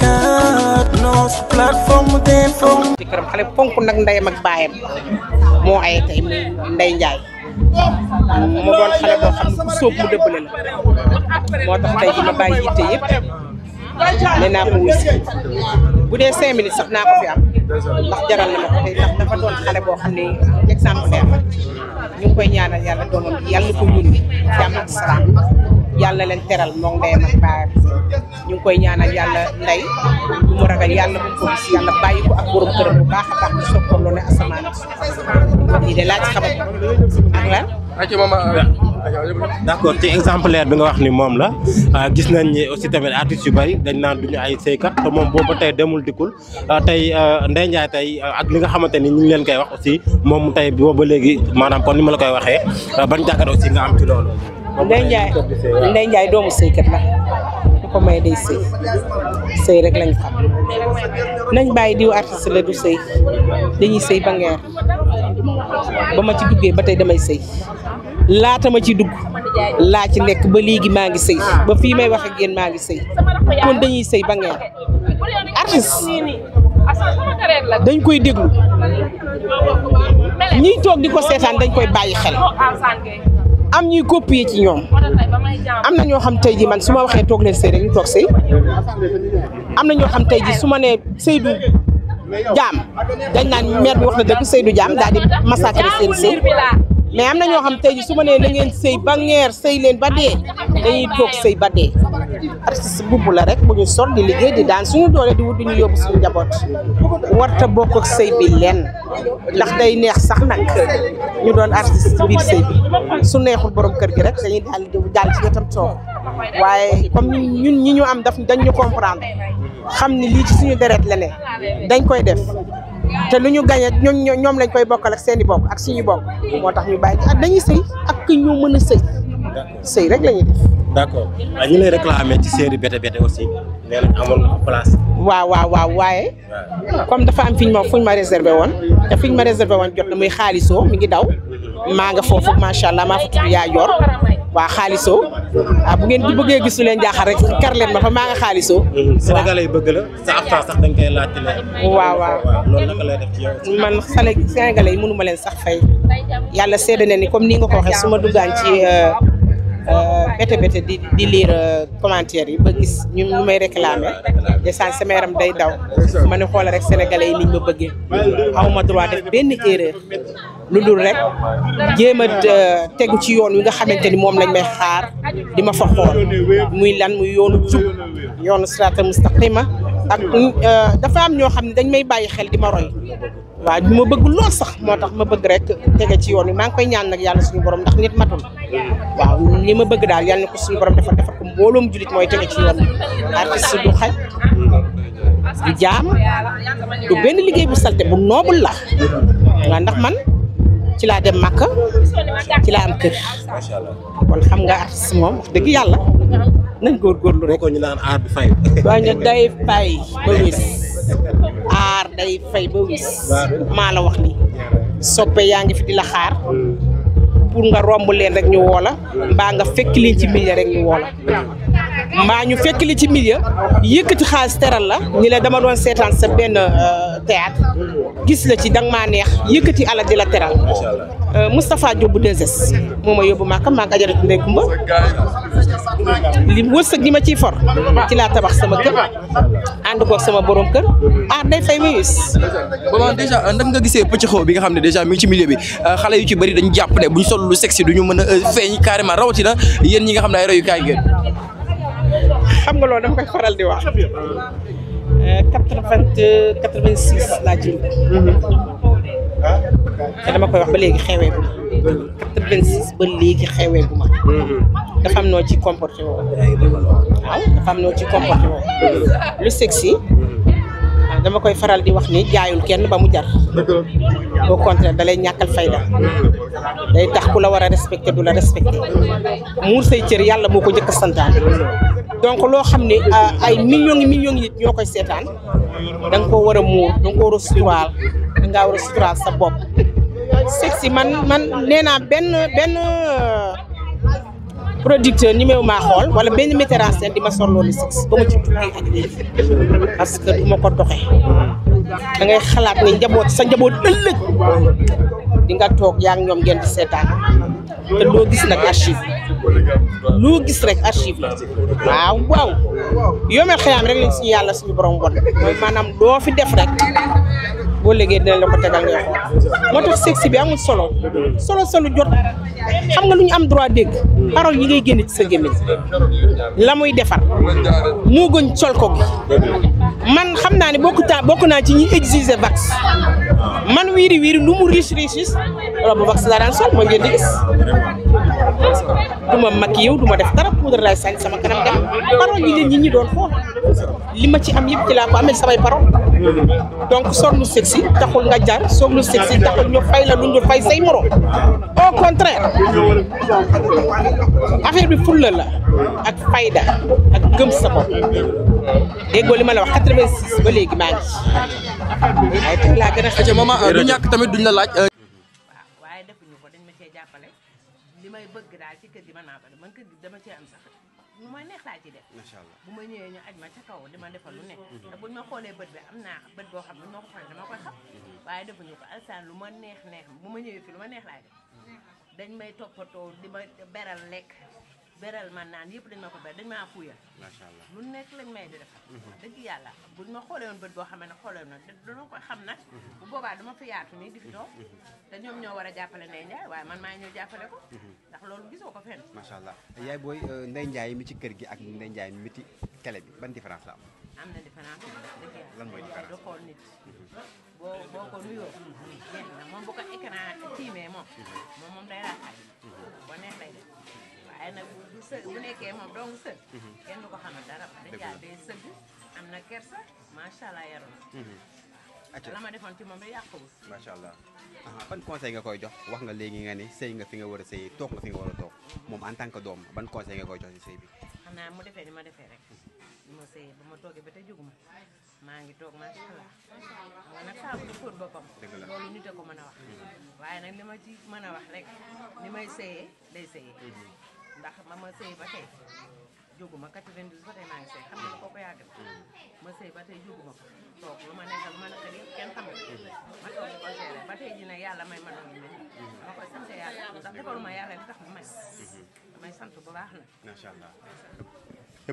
Dakar notre plateforme d'info. ci këram xale ponk nag ndeyam ak baayam moo ay tey muy Ndeye Ndiaye doon xale boo xam ne sóob mu naa ko dee cinq minutes sax naa ko fi am ndax jaral na ma ko dafa doon xale boo xam ne exemplaire ñu koy ñaanal yàlla doomam yàlla ko yónni ci am ak salaam yàlla leen teral moom ndeyam ak baayam ñu ngi koy ñaanal yàlla ndey bu mu ragal yàlla bu ko gis yàlla bàyyi ko ak borom këram bu baax a baax di soog ko loolu asamaan lii d' accord ci exemplaire bi nga wax ni moom la ah, gis nañ ni aussi tamit artistes yu bëri dañ naan duñu ay sëykat te moom boobu tey demul dikkul ah, tey ah, Ndeye Ndiaye tey ak li nga xamante ni ñu leen koy wax aussi moom tey boobu ba léegi maanaam kon ni ma la koy waxee ban jàkkaar aussi nga am ci loolu. Ndeye Ndiaye Ndeye Ndiaye doomu sëykat la ñu ko may day sëy sëy rek lañ xam nañ bàyyi diw artiste la du sëy dañuy sëy ba ngeer ba ma ci duggee ba tey damay sëy laata ma ci dugg laa ci nekk ba léegi maa ngi sëy ba fii may wax ak maa ngi sëy kon dañuy sëy ba ngeer artiste dañ koy déglu ñiy toog di ko seetaan dañ koy bàyyi xel am ñuy copier ci ñoom am na ñoo xam tey ji man su ma waxee toog leen sëy rek ñu toog sëy am na ñoo xam tey ji su ma nee Seydou Jaam dañ naan maire bi wax na dëgg Seydou Jaam daal di massacrer seen sëy mais am na ñoo xam tey ji su ma nee na ngeen sëy ba ngeer sëy leen ba dee dañuy toog sëy ba dee artiste bubb la rek bu ñu sol di liggéey di daan suñu doole di wut di ñu yóbbu suñu njaboot warta bokk ak sëy bi lenn ndax day neex sax nag ñu doon artiste biir sëy bi su neexul borom kër gi rek dañuy daal di daal ci wetam toog waaye comme ñun ñi ñu am daf dañ ñu comprendre xam ni lii ci suñu deret la dañ koy def te lu ñu gañe ñoom ñoom lañ koy bokkal ak seen i bokk ak suñu bokk moo tax ñu bàyyi ak dañuy sëy ak ñu mën a sëy sëy rek la ñuy def. d' accord waaye ah, ñu lay réclamé ci série Bété Bété waaw waaw waaye. comme dafa am fi ma fu ma réservé woon te fi ma réservé woon jot na muy xaalisoo mi ngi daw maa nga foofu macha allah maa fa tudd yaa yor waa xaalisoo ah bu ngeen di bëggee gis lu leen jaaxal rek kar leen ma fa maa nga xaalisoo. Mhm. waaw Sénégalais la sa absence sax dañ koy laajte leen. waaw waaw loolu naka lay def ci yow. man Sénégalais sax fay yàlla seede na ni comme ni nga ko waxee su ma duggaan euh, Euh, bété bété di di lire euh, commentaire yi ba gis ñu ñu may réclamer desaan sama yaram day daw ma ne xoola rek sénégalais yi niñ ma bëggee awma droit def benn erreur lu dul rek jéem a euh, tegu ci yoon wi nga xamante ni moom lañ may xaar di ma fa xool muy lan muy yoonu jub yoonu siraatal mustaqima ak dafa am ñoo xam ne dañ may bàyyi xel di ma roy waa bi ma bëgg lool sax moo tax ma bëgg rek tege ci yoon wi maa ngi koy ñaan nag yàlla suñu borom ndax nit matul waaw li ma bëgg daal yàlla na ko suñu borom defar defar ko mbooloom jullit mooy tege ci yoon bi artiste du xaj bu salte la ndax man ci laa dem màkk ci laa am kër kon xam nga artiste moom dëgg yàlla nañ góorgóorlu rek. ñu naan aar bi fay. waaw ñu day fay ba wis day fay ba wis maa la wax nii soppe yaa ngi fi di la xaar pour nga romb leen rek ñu woola mbaa nga fekk ci milieu rek ñu woola mbaa ñu fekk ci milieu yëkkati xaalis teral la ñu la dama doon seetaan sa benn euh, théâtre gis la ci danga maa neex yëkkati ala di la teral euh, Moustapha Diop bu 2 moo ma yóbbu maaka maa ngi ajaratu ndey kumba li wërsëg gi ma ciy for ci laa tabax sama kër ànd koog sama borom kër ah day fay muy wis. maman dèjà ndam nga gisee pëcc xaw bi nga xam ne dèjà mi ngi ci milieu bi euh, xale yu ci bëri dañu jàpp ne bu ñu sol lu sexy du ñu mën a euh, feeñ carrément rawatina yéen ñi nga xam ne ay rayukaay ngeen. xam nga lool dama koy faral di wax. Euh, quatre-vingt quatre-vingt-six laa jënd mm-hmm. te dama koy wax ba léegi xewee bu ma quatre vingt ba léegi xewee bu ma mm-hmm. dafa am noo ci comporté woo waaw dafa ci comporté woo lu sexy mm-hmm. dama koy faral di wax ni jaayul kenn ba mu jar au contraire dalay lay ñàkkal fayda day tax ku la war a respecté du la respecté muur say cër yàlla boo ko njëkk a santaane donc loo xam ne euh, ay millions yi millions yi ñoo koy seetaan da nga koo war a muur da war a suturaal da ngaa war a suturaal sa bopp. sexe man man nee benn benn euh, producteur ñi meew maa xool wala benn metteur en scène di ma sol loolu sexe ba ma ci tukkee ak parce que du ma ko doxee da ngay xalaat ne njaboot sa njaboot ëllëg di nga toog yaa ngi ñoom ngeen seetaan. te loo gis nag archive loo gis rek archive la waaw waaw yoomeel xëyaam rek lañ suñu yàlla suñu borom bon mooy maanaam loo fi def rek boo léegi dinañ la ko tegal ngay xool moo tax sexe bi amul solo solo solo jot xam nga lu ñu am droit dégg parole yi ngay génn ci sa gémmiñ la muy defar moo gën sol ko gi man xam naa ne bokk taa bokk naa ci ñu exiger vax man wiiri wiiri lu mu riche riche robe wax laa daan sol moom ngeen di gis du ma mag yow du ma def dara poudre laay sañ sama kanam dem parole yi leen ñi ñi doon xool li ma ci am yëpp ci laa ko amee samay parole donc sol lu sexy taxul nga jar sol lu sexy taxul ñu fay la lu ñu fay say morom au contraire affaire bi fulla la ak fayda ak gëm sa bopp déggoo li ma la wax 86 ba léegi maa ngi ay ayca maman du ñàkk tamit duñ na laaj. Euh. waaw waaye defuñu ko dañ ma cee jàppale li may bëgg daal ci kër gi mën naa ko man kër gi dama cee am sax lu ma neex laa de def. macha bu ma ñëwee ñu aj ma ca kaw li ma defal lu nekk. Mhm. te buñ ma xoolee bët bi am naa bët goo xam ne moo ko xoolee dama koy xam. Mhm. waaye defuñu ko alsaan lu ma neex neex bu ma ñëwee fii lu ma neex laa mhm. dañ may toppatoo di ma beral lekk. beral man naan yëpp dañ ma ko beral dañ maa fuuyal. lu nekk lañ may di mhm. dëgg yàlla buñ ma xoolee woon bët boo xam ne xoolee woon dañoo ko xam nag. Mhm. bu boobaa dama fa yaatu mhm. ñoo war a jàppale Ndeye Ndiaye waaye man maa ñëw jàppale ko. ndax loolu gisoo ko booy euh, Ndeye Ndiaye ci kër gi ak Ndeye Ndiaye mi ci télé bi ban différence la am. am na différence dëgg yàlla. lan mooy différence du xool nit. boo boo ko nuyoo. génn na neex lay def. waaye nag bu së bu nekkee moom dong sëg mhm. kenn du ko xamal dara déjà day sëgg am na kersa macha allah yaru na mhm. defoon ci moom da yàquwul macha allah ban jox wax nga léegi nga ne sëy nga fi nga war a sëy toog nga fi war a toog moom en tant que doom ban conseil nga koy jox ci sëy bi xanaa mu defee ni ma defee rek ni ma sëyee ba ma toogee ba te jóguma maa ngi toog macha allah moo nag saabu du fóot boppam loolu nit a ko mën a wax mhm. waaye nag li ma ci mën a wax rek ni may sëyee day sëyee ndax ma ma sëy ba tey jóguma 92 maa ngi sëy xam nga la kooku yàgg na ma sëy ba tey ko toog lu ma nekkal ma naka yëpp kenn xamul ma toog ko seere ba tey ji ne yàlla may ma doon mel ma koy sant yàlla ndax defaluma yàlla li tax mu may damay sant na macha allah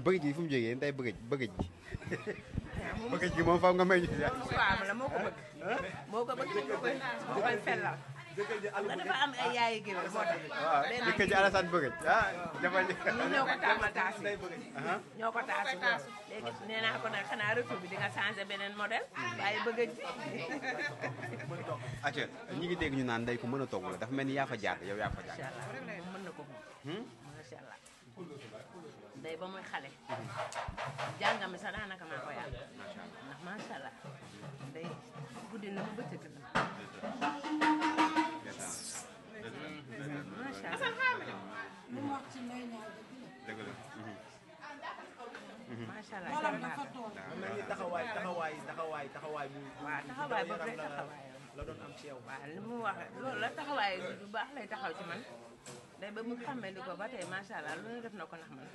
bëgg ji fu mu jógee day bëgg bëgg ji bëgg ji moom faaw nga moo ko bëgg moo ko bëgg ko fellal dafa am ay yaayu géwél moo tax. waaw jëkkër ji Alassane ah, bëgg ah ñoo ko taas ñoo naa ko nag xanaa retour bi di nga changé beneen modèle. waaye bëgg a ji. acca ñi ngi dégg ñu naan ndey ko mën a togg la dafa mel ni yaa fa jaar yow yaa fa jaar. macha allah hmm? ba muy xale. jàngam sax daanaka maa ko yàq. macha allah jërëjëf taxawaay taxawaay taxawaay taxawaay bu. waaw taxawaay boobu lay taxawaay la doon am ci yow. waaw li mu wax loolu la taxawaay bu baax lay taxaw ci man day ba mu xàmmee di ko ba tey macha allah lu ne def na ko nax man.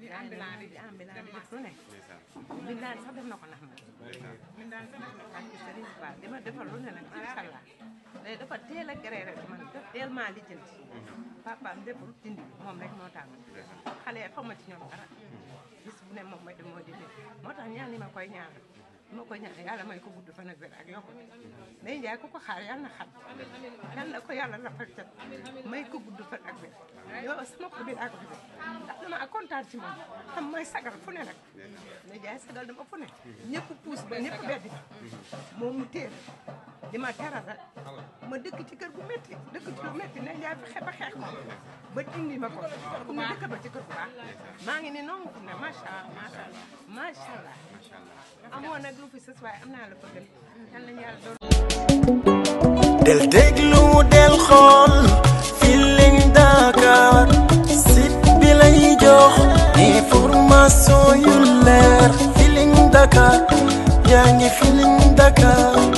di ambulant di ambulant di def lu ne. mbindaan sax def na ko nax man. mbindaan sax def na ko nax man. waaw di ma defal lu ne nag macha allah. day dafa teel a gré rek man daf teel maa lijjanti. Mhm. papaam lépp dindi moom rek moo tax man. xale xaw ma ci ñoom dara. Mhm. bis bu ne moom mooy moo di nekk moo tax ñaan yi ma koy ñaanal ma koy ñaanal yàlla may ko gudd fan ak wér ak yokku Ndeye Ndiaye ku ko xaar yàlla na xam yàlla na ko yàlla la faj may ko gudd fan ak wér yow sama ko biir ak bi ndax dama kontaan ci moom xam may sagal fu ne nag Ndeye Ndiaye sagal dama fu ne ñëpp puus ba ñëpp beddi moom mu téere di ma teral ma dëkk ci kër gu métti dëkk ci lu métti na njaay fexe ba xeex moom ba indi ma ko pour ma dëkk ba ne noonu pour la fa gën yal nañu del déglu del xool Feeling Dakar site bi lay jox information yu leer Feeling Dakar yaa ngi Dakar